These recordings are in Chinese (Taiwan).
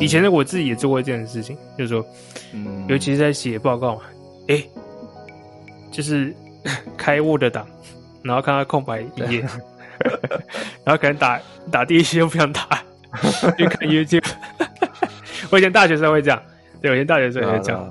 以前的我自己也做過這樣的事情，就是說，嗯、尤其是在寫報告嘛，誒、欸，就是開 Word 檔，然後看到空白一頁， 然後可能打打第一期又不想打， 去看 YouTube 我以前大學時候會這樣，對，我以前大學時候也會這樣。好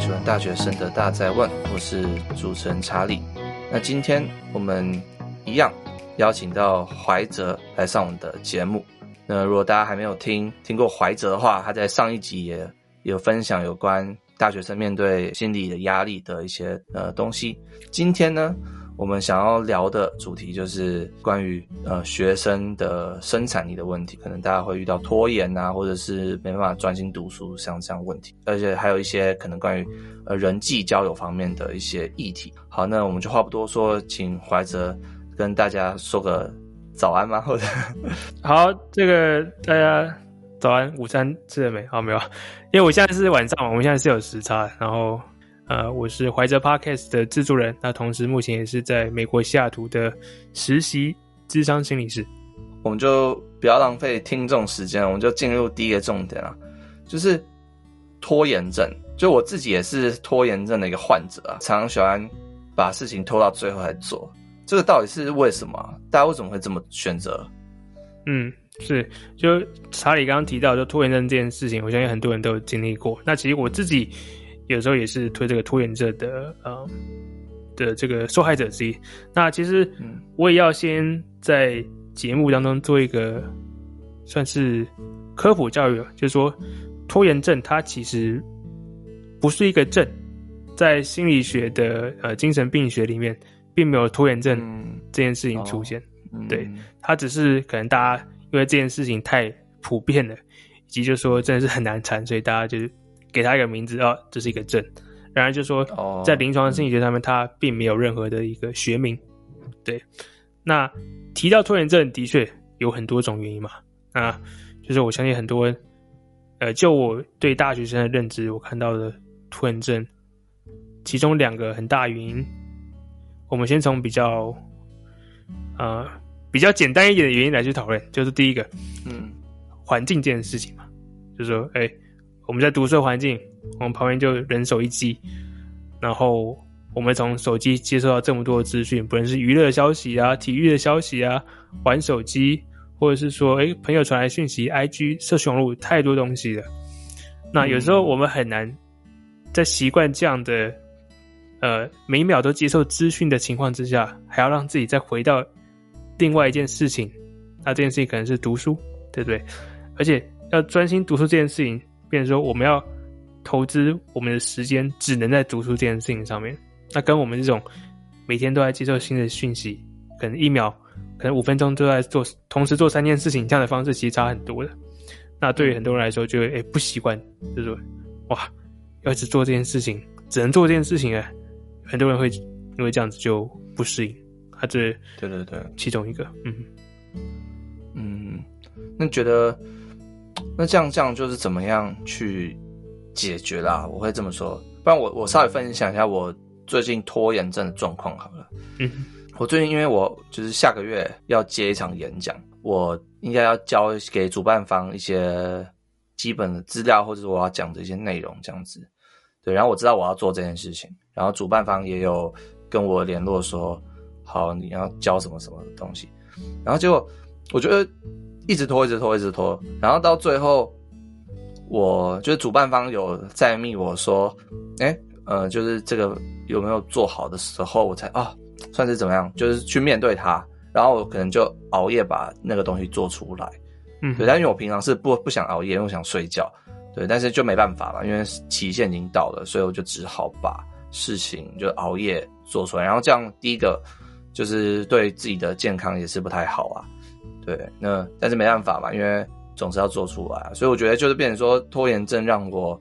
喜歡大學生的大學問，我是主持人查理。那今天我們一樣邀請到懷哲來上我們的節目。那如果大家還沒有聽聽過懷哲的話，他在上一集也有分享有關大學生面對心理的壓力的一些呃東西。今天呢，我們想要聊的主題就是關於呃學生的生產力的問題，可能大家會遇到拖延吶、啊，或者是沒辦法專心讀書像這樣的問題，而且還有一些可能關於呃人際交友方面的一些議題。好，那我們就話不多說，請懷哲跟大家說個早安嗎？或者，好，這個大家早安，午餐吃了沒？好、哦，沒有，因為我現在是晚上嘛，我們現在是有時差，然後。呃，我是懷哲 Podcast 的製作人，那同時目前也是在美國西雅圖的實習諮商心理師。我們就不要浪費聽眾時間，我們就進入第一個重點了，啊，就是拖延症。就我自己也是拖延症的一個患者啊，常常喜歡把事情拖到最後才做。這個到底是為什麼啊？大家為什麼會這麼選擇？嗯，是就查理剛剛提到，就拖延症這件事情，我相信很多人都有經歷過。那其實我自己。有時候也是推這個拖延症的呃的這個受害者之一。那其實我也要先在節目當中做一個算是科普教育，就是說拖延症它其實不是一個症，在心理學的呃精神病學裡面並沒有拖延症這件事情出現。嗯、對，它只是可能大家因為這件事情太普遍了，以及就是說真的是很難纏，所以大家就是。給他一個名字啊，這是一個症。然而，就說在臨床心理學上面，它並沒有任何的一個學名。對，那提到拖延症，的確有很多種原因嘛。啊，就是我相信很多，呃，就我對大學生的認知，我看到的拖延症，其中兩個很大原因，我們先從比較呃比較簡單一點的原因來去討論，就是第一個，嗯，環境這件事情嘛，就是說，哎。欸我們在讀書的環境，我們旁邊就人手一機，然後我們從手機接收到這麼多的資訊，不論是娛樂消息啊、體育的消息啊、玩手機，或者是說，誒、欸，朋友傳來訊息，IG、社雄錄，太多東西了。那有時候我們很難在習慣這樣的，嗯、呃，每一秒都接受資訊的情況之下，還要讓自己再回到另外一件事情。那這件事情可能是讀書，對不對？而且要專心讀書這件事情。變成說，我們要投資我們的時間，只能在讀書這件事情上面。那跟我們這種每天都在接受新的訊息，可能一秒，可能五分鐘都在做，同時做三件事情這樣的方式，其實差很多的。那對於很多人來說就會、欸，就誒不習慣，就是哇，要一直做這件事情，只能做這件事情誒、欸、很多人會因為這樣子就不適應，還是對對對，其中一個，對對對嗯嗯，那覺得？那這樣這樣就是怎麼樣去解決啦、啊？我會這麼說，不然我我稍微分享一下我最近拖延症的狀況好了。嗯，我最近因為我就是下個月要接一場演講，我應該要交給主辦方一些基本的資料或者是我要講的一些內容這樣子。對，然後我知道我要做這件事情，然後主辦方也有跟我聯絡說，好，你要交什麼什麼的東西。然後結果我覺得。一直拖，一直拖，一直拖，然後到最後我，我就是主辦方有在密我說，哎，呃，就是這個有沒有做好的時候，我才啊、哦，算是怎麼樣，就是去面對它，然後我可能就熬夜把那個東西做出來，嗯，對，但因為我平常是不不想熬夜，我想睡覺，對，但是就沒辦法嘛，因為期限已經到了，所以我就只好把事情就熬夜做出來，然後這樣第一個就是對自己的健康也是不太好啊。對，那但是沒辦法嘛，因為總是要做出來，所以我覺得就是變成說拖延症讓我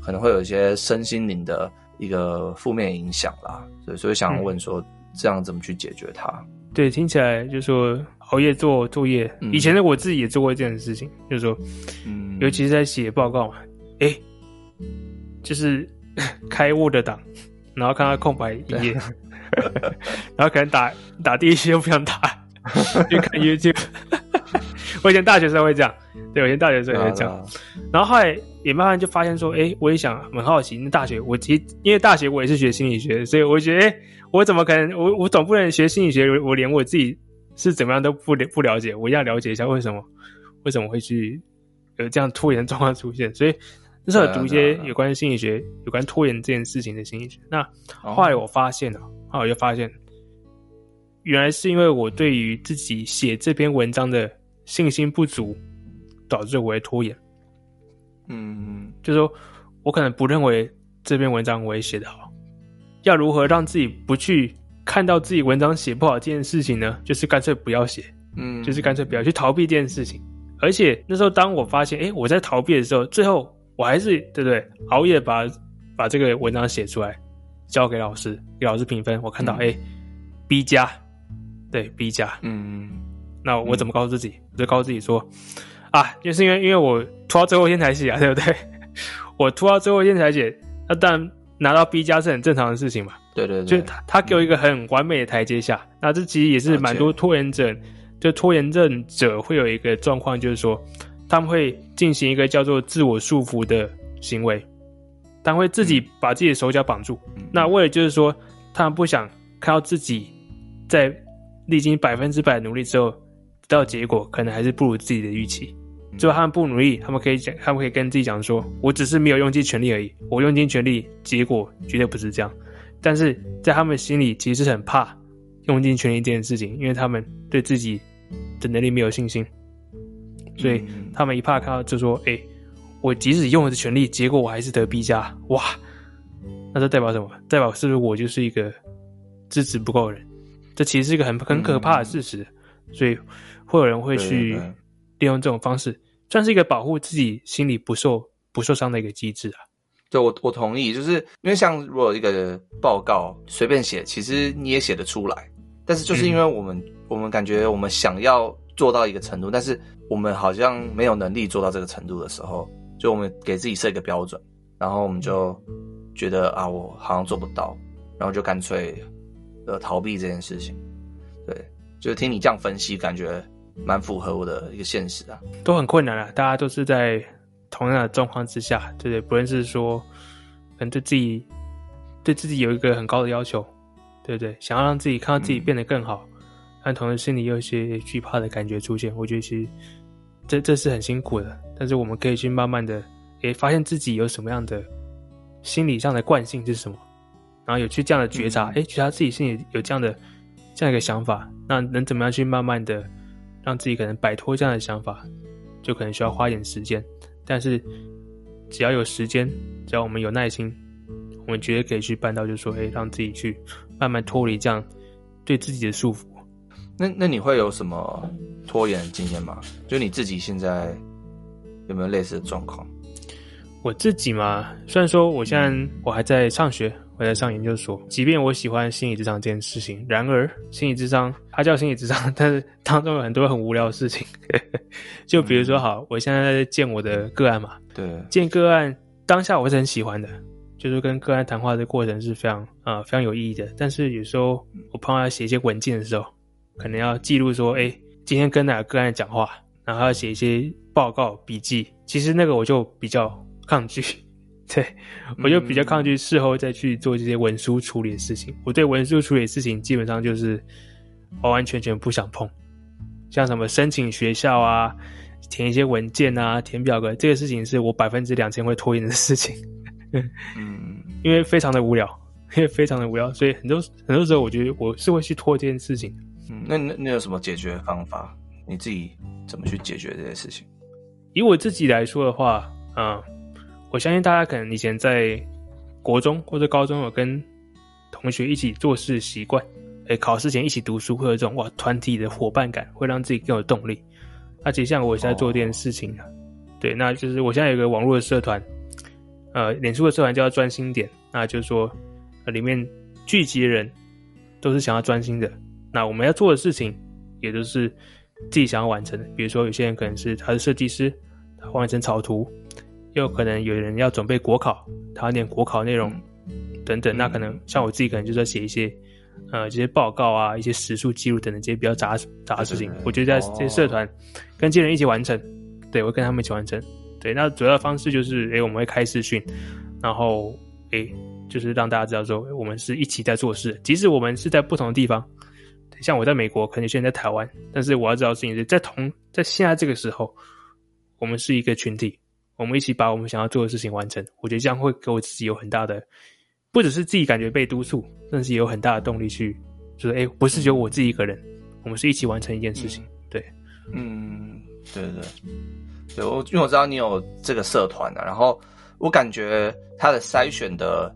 可能會有一些身心靈的一個負面影響啦，所以所以想問說這樣怎麼去解決它？嗯、對，聽起來就是說熬夜做作業、嗯，以前的我自己也做過這件事情，就是說，嗯、尤其是在寫報告嘛，哎、欸，就是開 Word 檔，然後看到空白一頁， 然後可能打打第一行又不想打。去 就看 YouTube， 我以前大學生會這樣，對，我以前大學生也會這樣，啊啊，然後後來也慢慢就發現說，哎、欸，我也想，我很好奇，那大學我其實因為大學我也是學心理學，所以我覺得，哎、欸，我怎麼可能，我我總不能學心理學我，我連我自己是怎麼樣都不了不了解，我要了解一下為什麼為什麼會去有這樣拖延狀況出現，所以那時候讀一些有關心理學，啊啊啊，有關拖延這件事情的心理學，那後來我發現了，哦，後來我就發現。原來是因為我對於自己寫這篇文章的信心不足，導致我會拖延。嗯，就是說我可能不認為這篇文章我也寫得好。要如何讓自己不去看到自己文章寫不好這件事情呢？就是乾脆不要寫，嗯，就是乾脆不要去逃避這件事情。而且那時候，當我發現，哎，我在逃避的時候，最後我還是，對不對，熬夜把，把這個文章寫出來，交給老師，給老師評分。我看到哎，嗯，B 加。對 B 加，嗯，那我怎麼告訴自己？嗯。我就告訴自己說，啊，就是因為因為我拖到最後一天才寫啊，對不對？ 我拖到最後一天才寫，那當然拿到 B 加是很正常的事情嘛。對對對，就是他他給我一個很完美的台階下。嗯、那這其實也是蠻多拖延者，嗯、就拖延症者會有一個狀況，就是說他們會進行一個叫做自我束縛的行為，他們會自己把自己的手腳綁住，嗯。那為了就是說，他們不想看到自己在。歷經百分之百努力之後，得到結果可能還是不如自己的預期。就他們不努力，他們可以講，他們可以跟自己講說：“我只是沒有用盡全力而已，我用盡全力，結果絕對不是這樣。”但是在他們心裡，其實是很怕用盡全力這件事情，因為他們對自己的能力沒有信心，所以他們一怕看到就說：“哎，我即使用盡全力，結果我還是得 B 加，哇，那這代表什麼？代表是不是我就是一個資質不夠的人？”這其實是一個很很可怕的事實。嗯，所以會有人會去利用這種方式，嗯、算是一個保護自己心裡不受不受傷的一個機制啊。對，我我同意，就是因為像如果有一個報告隨便寫，其實你也寫得出來，但是就是因為我們、嗯、我們感覺我們想要做到一個程度，但是我們好像沒有能力做到這個程度的時候，就我們給自己設一個標準，然後我們就覺得、嗯、啊，我好像做不到，然後就乾脆。呃，逃避這件事情，對，就聽你這樣分析，感覺蠻符合我的一個現實啊，都很困難啊，大家都是在同樣的狀況之下，對不對？不論是說，可能對自己，對自己有一個很高的要求，對不對？想要讓自己看到自己變得更好，嗯，但同時心裡有一些懼怕的感覺出現，我覺得其實這這是很辛苦的，但是我們可以去慢慢的，誒、欸、發現自己有什麼樣的心理上的慣性是什麼。然後有去這樣的覺察，哎、欸，覺察自己心裡有這樣的這樣的一個想法，那能怎麼樣去慢慢的讓自己可能擺脫這樣的想法，就可能需要花一點時間。但是只要有時間，只要我們有耐心，我們絕對可以去辦到。就是說，哎、欸，讓自己去慢慢脫離這樣對自己的束縛。那那你會有什麼拖延的經驗嗎？就你自己現在有沒有類似的狀況？我自己嘛，雖然說我現在我還在上學。我在上研究所，即便我喜歡心理諮商這件事情，然而心理諮商它叫心理諮商，但是當中有很多很無聊的事情。 就比如說好，好、嗯，我現在在見我的個案嘛，對，見個案，當下我是很喜歡的，就是跟個案談話的過程是非常啊、呃、非常有意義的。但是有時候我幫他寫一些文件的時候，可能要記錄說，哎、欸，今天跟哪個個案講話，然後要寫一些報告筆記，其實那個我就比較抗拒。對，我就比較抗拒事後再去做這些文書處理的事情。嗯、我對文書處理的事情基本上就是完完全全不想碰，像什麼申請學校啊、填一些文件啊、填表格，這個事情是我百分之兩千會拖延的事情。 嗯，因為非常的無聊，因為非常的無聊，所以很多很多時候我覺得我是會去拖這件事情。嗯，那那那有什麼解決方法？你自己怎麼去解決這件事情？以我自己來說的話，嗯。我相信大家可能以前在國中或者高中有跟同學一起做事習慣，誒、欸、考試前一起讀書，或者這種哇，團體的夥伴感會讓自己更有動力、啊。其實像我現在做這件事情，oh. 對，那就是我現在有個網絡的社團，呃，臉書的社團叫做專心點。那就是說，呃、裡面聚集的人都是想要專心的。那我們要做的事情，也就是自己想要完成的。比如說，有些人可能是他是設計師，他畫一張草圖。又可能有人要準備國考，談點國考內容等等、嗯。那可能像我自己，可能就在寫一些、嗯、呃這些報告啊，一些時數紀錄等等這些比較雜雜的事情。我覺得在這些社團跟這些人一起完成，哦、對，我跟他們一起完成。對，那主要的方式就是，誒、欸，我們會開視訊，然後誒、欸，就是讓大家知道說，我們是一起在做事，即使我們是在不同的地方，像我在美國，可能現在在台灣，但是我要知道的事情是在同在現在這個時候，我們是一個群體。我們一起把我們想要做的事情完成，我覺得這樣會給我自己有很大的，不只是自己感覺被督促，但是也有很大的動力去，就是誒，不是只有我自己一個人、嗯，我們是一起完成一件事情。嗯、對，嗯，對對對，對我因為我知道你有這個社團的、啊，然後我感覺它的篩選的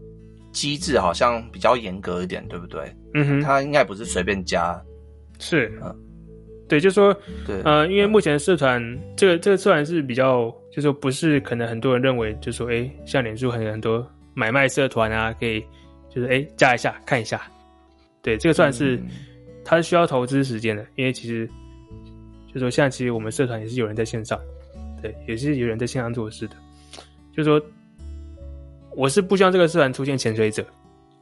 機制好像比較嚴格一點，對不對？嗯哼，它應該不是隨便加，是啊、嗯，對，就說，對呃對，因為目前的社團、嗯、這個這個社團是比較。就說不是，可能很多人認為，就說哎，像臉書很多很多買賣社團啊，可以就是哎加一下看一下，對，這個算是它是需要投資時間的，因為其實就說像其實我們社團也是有人在線上，對，也是有人在線上做事的，就說我是不希望這個社團出現潛水者，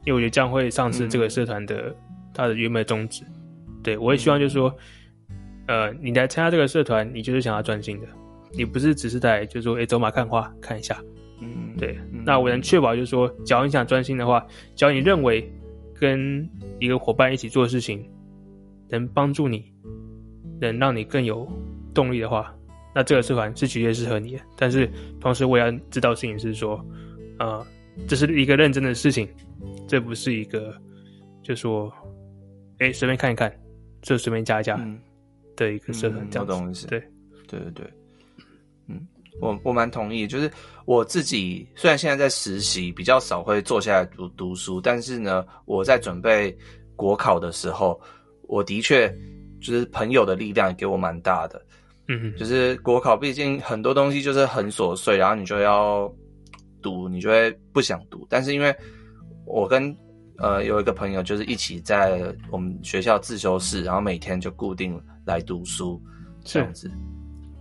因為我覺得這樣會喪失這個社團的它的原本宗旨，嗯、對我也希望就是說呃，你來參加這個社團，你就是想要專心的。你不是只是在，就是說，哎、欸，走馬看花看一下，嗯，對。嗯、那我能確保，就是說，只、嗯、要你想專心的話，只要你認為跟一個夥伴一起做事情能幫助你，能讓你更有動力的話，那這個社團是絕對適合你的。但是同時，我也要知道的事情是說，啊、呃，這是一個認真的事情，這不是一個，就是說，哎、欸，隨便看一看，就隨便加一加的一個社團這樣子、嗯嗯東西，對，對對對。嗯，我我蠻同意，就是我自己雖然現在在實習，比較少會坐下來讀讀書，但是呢，我在準備國考的時候，我的確就是朋友的力量也給我蠻大的。嗯，就是國考畢竟很多東西就是很瑣碎，然後你就要讀，你就會不想讀。但是因為我跟呃有一個朋友就是一起在我們學校自修室，然後每天就固定來讀書，這樣子。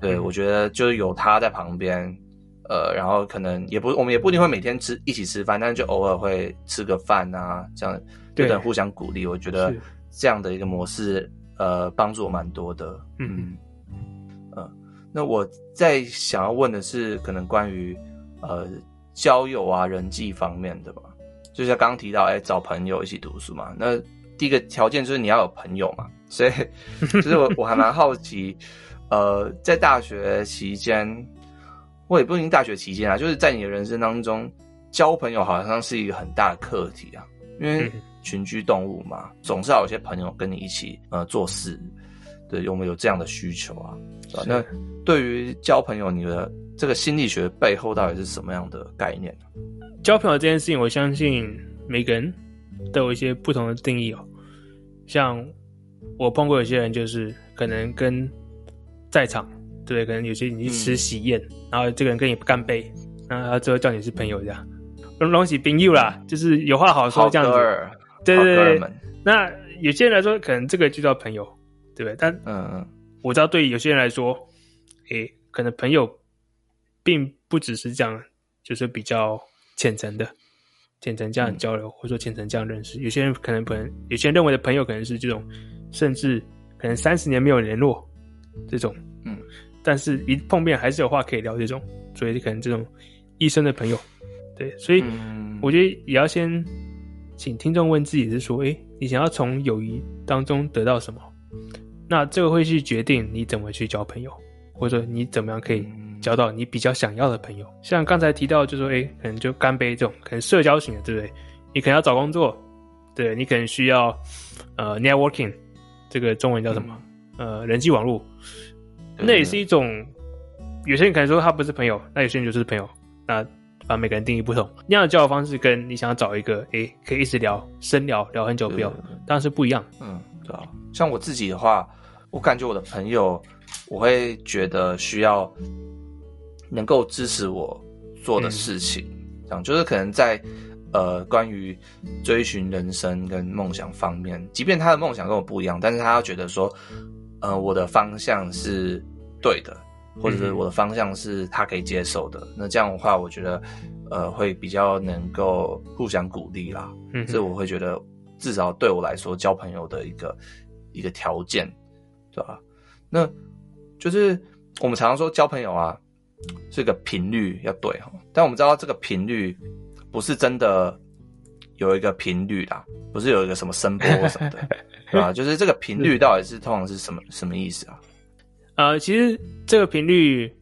對，我覺得就是有他在旁邊，呃，然後可能也不，我們也不一定會每天吃一起吃飯，但是就偶爾會吃個飯啊，這樣對等互相鼓勵。我覺得這樣的一個模式，呃，幫助我蠻多的。嗯嗯、呃，那我再想要問的是，可能關於呃交友啊、人際方面的吧，就像剛，剛提到，哎，找朋友一起讀書嘛。那第一個條件就是你要有朋友嘛，所以其實、就是、我我還蠻好奇。 呃，在大學期間，我也不一定大學期間啊，就是在你的人生當中，交朋友好像是一個很大的課題啊，因為群居動物嘛，嗯、總是要有些朋友跟你一起呃做事，對，有沒有這樣的需求啊？對，那對於交朋友，你的這個心理學背後到底是什麼樣的概念？交朋友這件事情，我相信每個人都有一些不同的定義哦，像我碰過有些人，就是可能跟。在場，對，對，可能有些你去吃喜宴，嗯，然後這個人跟你乾杯，然後他最後叫你是朋友這樣，攏係朋友啦，就是有話好說，這樣子，爾對對。那有些人來說，可能這個就叫朋友，對不對？但嗯，我知道對於有些人來說，嗯，誒，可能朋友並不只是這樣，就是比較淺層的，淺層這樣交流，嗯，或者說淺層這樣認識。有些人可能朋，有些人認為的朋友可能是這種，甚至可能三十年沒有聯絡。這種，嗯，但是一碰面，還是有話可以聊這種，所以可能這種一生的朋友，對，所以我覺得也要先請聽眾問自己是說，哎、欸，你想要從友誼當中得到什麼？那這個會去決定你怎麼去交朋友，或者你怎麼樣可以交到你比較想要的朋友。像剛才提到，就是說，哎、欸，可能就乾杯這種，可能社交型的，對不對？你可能要找工作，對，你可能需要呃，networking，這個中文叫什麼？嗯呃，人際網絡，那也是一種、嗯，有些人可能說他不是朋友，那有些人就是朋友。那把每個人定義不同，那樣的交友方式，跟你想要找一個，哎、欸，可以一直聊、深聊聊很久，不要，但是不一樣。嗯，對啊。像我自己的話，我感覺我的朋友，我會覺得需要能夠支持我做的事情，這、嗯、樣就是可能在呃，關於追尋人生跟夢想方面，即便他的夢想跟我不一樣，但是他要覺得說。呃，我的方向是對的，或者是我的方向是他可以接受的，嗯、那這樣的話，我覺得呃會比較能夠互相鼓勵啦。嗯，這我會覺得至少對我來說交朋友的一個一個條件，對吧、啊？那就是我們常常說交朋友啊，這個頻率要對哈，但我們知道這個頻率不是真的。有一個頻率啦，不是有一個什麼聲波什麼的， 對吧、啊？就是這個頻率到底是、嗯、通常是什麼什麼意思啊？啊、呃，其實這個頻率，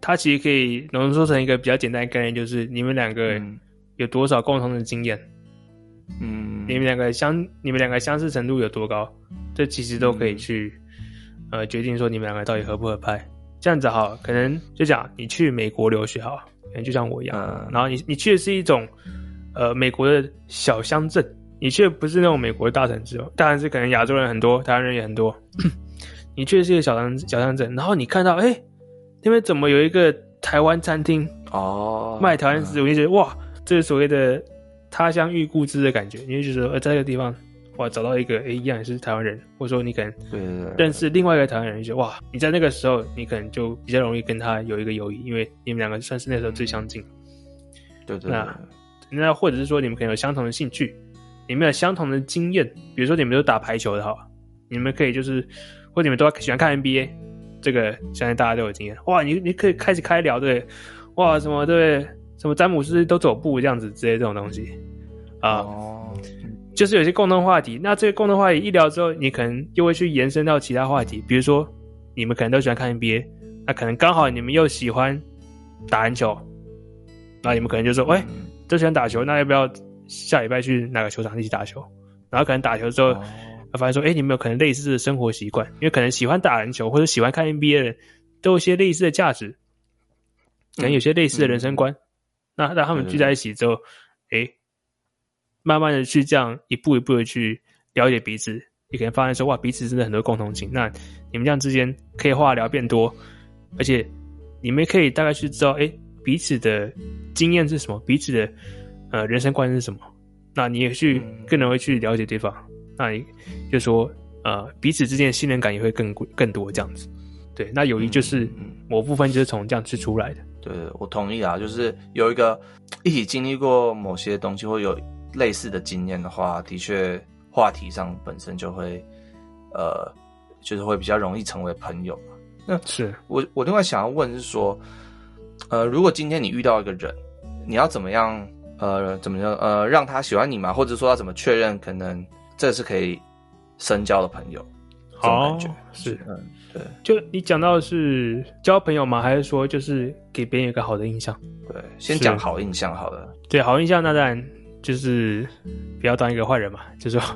它其實可以濃縮成一個比較簡單的概念，就是你們兩個有多少共同的經驗，嗯，你們兩個相，你們兩個相似程度有多高，這其實都可以去、嗯、呃決定說你們兩個到底合不合拍。這樣子好，可能就講你去美國留學好，可能就像我一樣，嗯、然後你你去的是一種。呃，美國的小鄉鎮，你卻不是那種美國的大城市，哦。大城市可能亞洲人很多，台灣人也很多。你卻是一個小城小鄉鎮，然後你看到哎、欸，那邊怎麼有一個台灣餐廳哦，賣台灣食物，哦嗯、你就覺得哇，這是所謂的他鄉遇故知的感覺。你就覺得說、呃、在這個地方哇，找到一個誒、欸、一樣也是台灣人，或者說你可能認識另外一個台灣人，就覺得哇，你在那個時候你可能就比較容易跟他有一個友誼，因為你們兩個算是那時候最相近。嗯、對對對。那那或者是說你們可能有相同的興趣，你們有相同的經驗，比如說你們都打排球的哈，你們可以就是，或者你們都喜歡看 NBA，這個相信大家都有經驗。哇，你你可以開始開聊，對，哇什麼對，什麼詹姆斯都走步這樣子之類的這種東西，哦，啊，就是有些共同話題。那這個共同話題一聊之後，你可能又會去延伸到其他話題，比如說你們可能都喜歡看 NBA，那可能剛好你們又喜歡打籃球，那你們可能就說，喂，嗯。欸都喜歡打球，那要不要下禮拜去哪個球場一起打球？然後可能打球之後，後發現說，哎、欸，你們有可能類似的生活習慣，因為可能喜歡打籃球或者喜歡看 NBA 的，都有些類似的價值，可能有些類似的人生觀。嗯嗯、那讓他們聚在一起之後，哎、嗯欸，慢慢的去這樣一步一步的去了解彼此，也可能發現說，哇，彼此真的很多共同性，那你們這樣之間可以話聊變多，而且你們可以大概去知道，哎、欸。彼此的經驗是什麼？彼此的呃人生觀是什麼？那你也去更能去了解對方，嗯，那你就說呃彼此之間的信任感也會更更多這樣子。對，那友誼就是某部分就是從這樣去出來的。對，我同意啊，就是有一個一起經歷過某些東西，或有類似的經驗的話，的確話題上本身就會呃，就是會比較容易成為朋友嘛。那是我我另外想要問是說。呃，如果今天你遇到一個人，你要怎麼樣？呃，怎麼樣？呃，讓他喜歡你嘛，或者說要怎麼確認可能這是可以深交的朋友？這好、哦，是，嗯，對。就你講到的是交朋友嗎，還是說就是給別人一個好的印象？對，先講好印象好了。對，好印象，那當然就是不要當一個壞人嘛。就是、說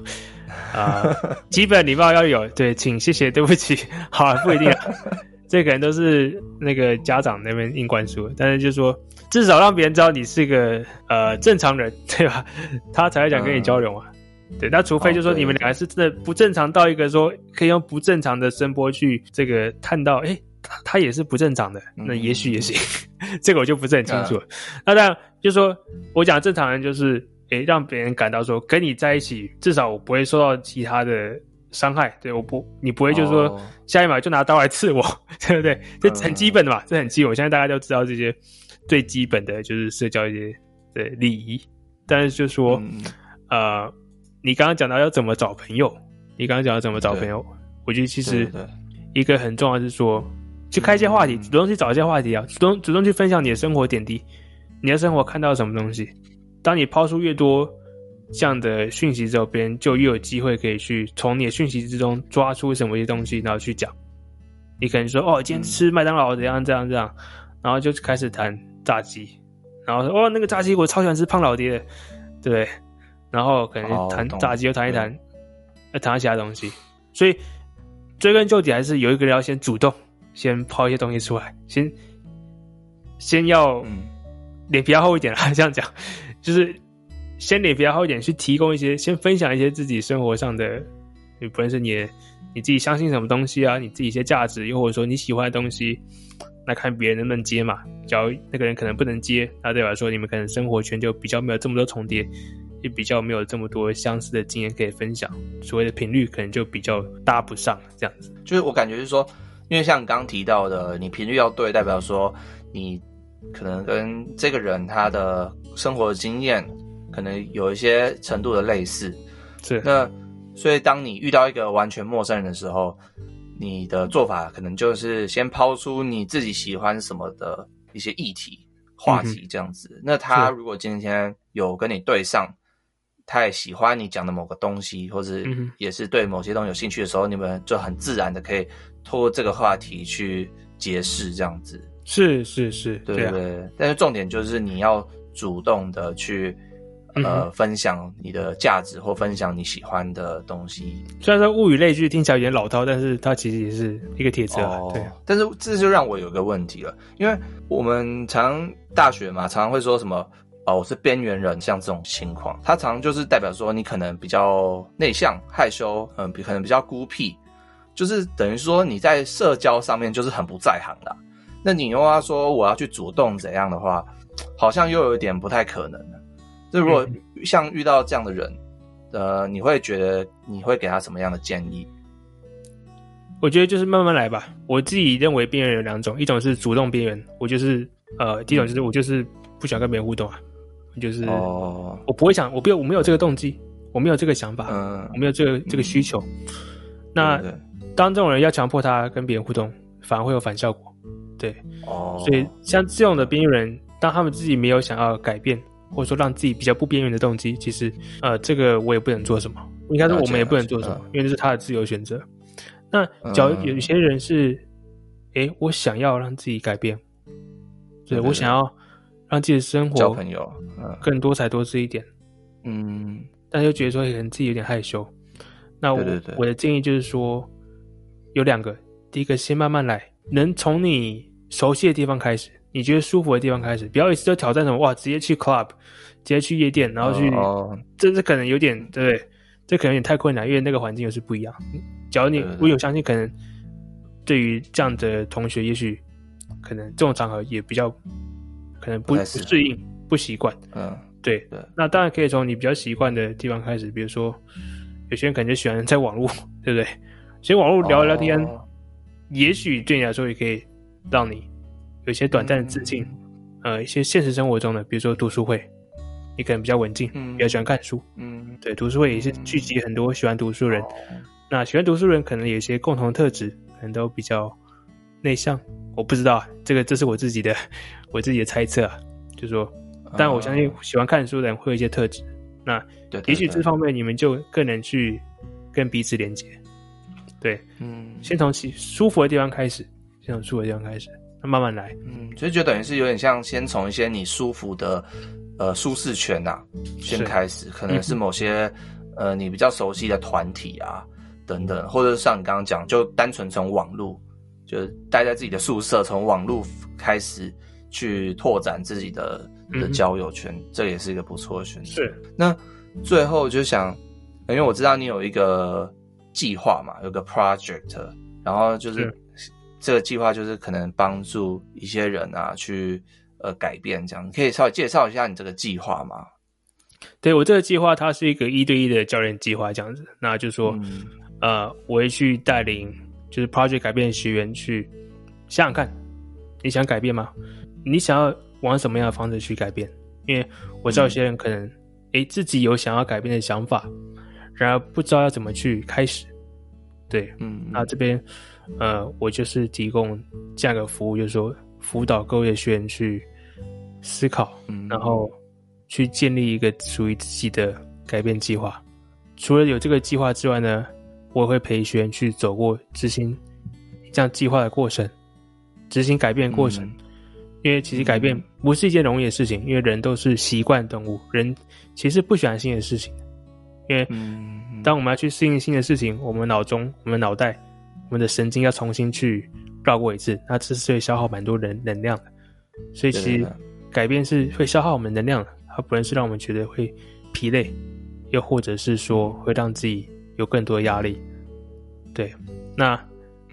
啊，呃、 基本禮貌要有。對，請謝謝，對不起，好、啊，不一定。 這可能都是那個家長那邊硬灌輸，但是就是說至少讓別人知道你是一個呃正常人，對吧？他才會想跟你交流啊、嗯。對，那除非就是說你們兩個是真的不正常到一個說可以用不正常的聲波去這個探到，嗯、誒他，他也是不正常的，那也許也行。嗯、這個我就不是很清楚、嗯。那當然就是說我講正常人，就是誒讓別人感到說跟你在一起，至少我不會受到其他的。傷害，對我不，你不會就是說下一秒就拿刀來刺我，對不對？哦 對，這很基本的嘛，嗯、這很基本。我現在大家都知道這些最基本的，就是社交一些對禮儀。但是就是說、嗯，呃，你剛剛講到要怎麼找朋友，你剛剛講到怎麼找朋友，我覺得其實一個很重要的是說對對對，去開一些話題，主動去找一些話題啊，主動主動去分享你的生活點滴，你的生活看到什麼東西，當你拋出越多。這樣的訊息之後，別人就又有機會可以去從你的訊息之中抓出什麼一些東西，然後去講。你可能說：“哦，今天吃麥當勞怎樣？這樣這樣，然後就開始談炸雞，然後說：‘哦，那個炸雞我超喜歡吃胖老爹的，對。’然後可能談炸雞，又談一談，談、啊、其他東西。所以追根究底，還是有一個人要先主動，先拋一些東西出來，先先要臉皮要厚一點啊。這樣講，就是。”先你比較好一點，去提供一些，先分享一些自己生活上的，就不論是你你自己相信什麼東西啊？你自己一些價值，又或者說你喜歡的東西，那看別人能不能接嘛。假如那個人可能不能接，那代表說你們可能生活圈就比較沒有這麼多重疊，就比較沒有這麼多相似的經驗可以分享，所謂的頻率可能就比較搭不上這樣子。就是我感覺是說，因為像你剛剛提到的，你頻率要對，代表說你可能跟這個人他的生活經驗。可能有一些程度的類似，是。那，所以當你遇到一個完全陌生人的時候，你的做法可能就是先拋出你自己喜歡什麼的一些議題、嗯、話題這樣子。那他如果今天有跟你對上，他也喜歡你講的某個東西，或是，也是對某些東西有興趣的時候，嗯、你們就很自然的可以通過這個話題去解釋這樣子。是是是，對對。但是重點就是你要主動的去。呃、嗯，分享你的價值或分享你喜歡的東西。雖然說物以類聚聽起來有點老套，但是它其實也是一個鐵則、哦。對，但是這就讓我有一個問題了，因為我們常大學嘛，常常會說什麼啊、哦，我是邊緣人，像這種情況，它常就是代表說你可能比較內向、害羞，嗯，可能比較孤僻，就是等於說你在社交上面就是很不在行啦。那你又要說我要去主動怎樣的話，好像又有點不太可能了。就如果像遇到這樣的人、嗯，呃，你會覺得你會給他什麼樣的建議？我覺得就是慢慢來吧。我自己認為邊緣人有兩種，一種是主動邊緣，我就是呃，第一種就是我就是不喜歡跟別人互動啊，嗯、就是、哦、我不會想，我沒有我沒有這個動機，我沒有這個想法，嗯，我沒有這個這個需求、嗯。那當這種人要強迫他跟別人互動，反而會有反效果，對，哦，所以像這種的邊緣人，當他們自己沒有想要改變。或者說讓自己比較不邊緣的動機，其實呃，這個我也不能做什麼。應該說我們也不能做什麼，因為這是他的自由選擇，嗯。那，假如有些人是，誒、嗯欸，我想要讓自己改變，對、嗯、我想要讓自己的生活更多彩多姿一點，嗯，但又覺得說可能自己有點害羞。那我，對對對，我的建議就是說，有兩個，第一個先慢慢來，能從你熟悉的地方開始。你覺得舒服的地方開始，不要一次就挑戰什麼哇，直接去 club，直接去夜店，然後去，嗯、這這可能有點對，這可能有點太困難，因為那個環境又是不一樣。假如你，嗯、我有相信，可能對於這樣的同學，也許可能這種場合也比較可能不適應、不習慣。嗯，對。那當然可以從你比較習慣的地方開始，比如說有些人感覺喜歡在網絡，對不對？其實網絡聊聊天，嗯、也許對你來說也可以讓你。有些短暫的致敬，嗯，呃，一些現實生活中的，比如說讀書會，你可能比較文靜，嗯，比較喜歡看書，嗯，對，讀書會也是聚集很多喜歡讀書的人，嗯，那喜歡讀書的人可能有一些共同的特質，可能都比較內向，我不知道，這個這是我自己的，我自己的猜測啊，就是說，但我相信喜歡看書的人會有一些特質，嗯，那也許這方面你們就更能去跟彼此連接，嗯，對，嗯，先從起舒服的地方開始，先從舒服的地方開始。慢慢來，嗯，所以就等於是有點像先從一些你舒服的，呃，舒適圈吶、啊，先開始，可能是某些、嗯、呃你比較熟悉的團體啊，等等，或者像你剛剛講，就單純從網絡，就待在自己的宿舍，從網絡開始去拓展自己的的交友圈、嗯，這也是一個不錯的選擇。是，那最後就想，因為我知道你有一個計劃嘛，有個 project，然後就是。是這個計劃就是可能幫助一些人啊，去呃改變這樣，可以稍微介紹一下你這個計劃嗎？對我這個計劃，它是一個一對一的教練計劃這樣子。那就是說，嗯、呃，我會去帶領就是 Project 改變的學員去想想看，你想改變嗎？你想要往什麼樣的方式去改變？因為我知道有些人可能，哎、嗯欸，自己有想要改變的想法，然而不知道要怎麼去開始。對，嗯，那這邊。呃，我就是提供價格服務，就是說輔導各位學員去思考，嗯，然後去建立一個屬於自己的改變計劃。除了有這個計劃之外呢，我也會陪學員去走過執行這樣計劃的過程，執行改變的過程，嗯，因為其實改變不是一件容易的事情，因為人都是習慣動物，人其實不喜歡新的事情。因為當我們要去適應新的事情，我們腦中，我們腦袋。我們的神經要重新去繞過一次，那這是會消耗蠻多能能量的。所以其實改變是會消耗我們能量的，它不能是讓我們覺得會疲累，又或者是說會讓自己有更多壓力。對，那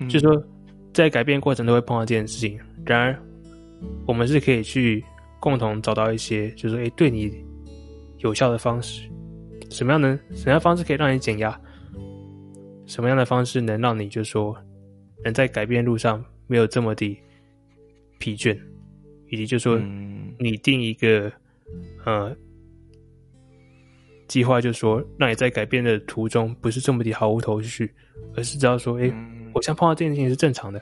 就說在改變過程都會碰到這件事情。然而，我們是可以去共同找到一些，就是說，誒、欸、對你有效的方式。什麼樣的什麼樣方式可以讓你減壓？什麼樣的方式能讓你就說能在改變路上沒有這麼的疲倦，以及就說你定一個、嗯、呃計劃，就是說那你在改變的途中不是這麼的毫無頭緒，而是知道說哎、欸，我像碰到這件事情是正常的，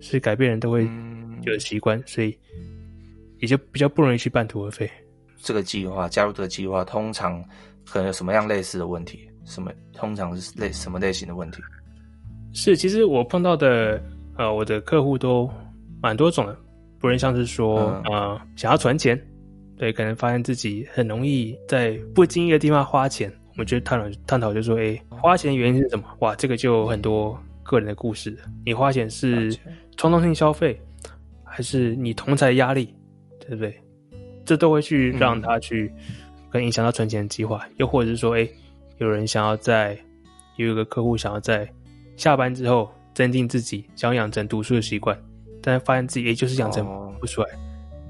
所、嗯、以改變人都會有習慣，所以也就比較不容易去半途而廢。這個計劃加入這個計劃，通常可能有什麼樣類似的問題？什麼通常是類什麼類型的問題？是，其實我碰到的呃，我的客戶都蠻多種的。不能像是說、嗯、呃，想要存錢，對，可能發現自己很容易在不經意的地方花錢。我們就探討探討就是說，就說誒，花錢原因是什麼？哇，這個就很多個人的故事。你花錢是衝動性消費，還是你同儕壓力，對不對？這都會去讓他去跟影響到存錢的計劃，又或者是說誒。有人想要在，有一個客戶想要在下班之後增進自己，想養成讀書的習慣，但發現自己哎、欸、就是養成不出來，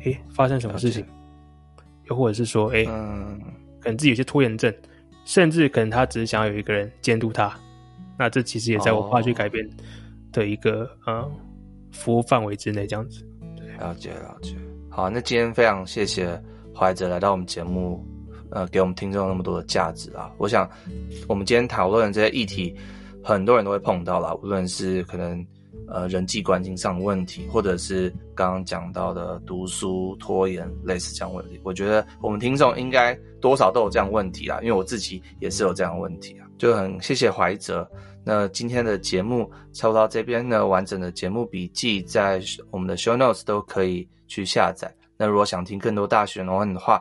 哎、哦欸、發生什麼事情？又或者是說哎、欸嗯，可能自己有些拖延症，甚至可能他只是想要有一個人監督他，那這其實也在我 PROJECT 改變的一個、哦、嗯服務範圍之內，這樣子。對，了解了解。好，那今天非常謝謝懷哲來到我們節目。呃，給我們聽眾那麼多的價值啊！我想，我們今天討論這些議題，很多人都會碰到啦，無論是可能呃人際關係上的問題，或者是剛剛講到的讀書拖延，類似這樣問題，我覺得我們聽眾應該多少都有這樣問題啊，因為我自己也是有這樣的問題啊，就很謝謝懷哲。那今天的節目差不多這邊呢，完整的節目筆記在我們的 show notes 都可以去下載。那如果想聽更多大學問的話，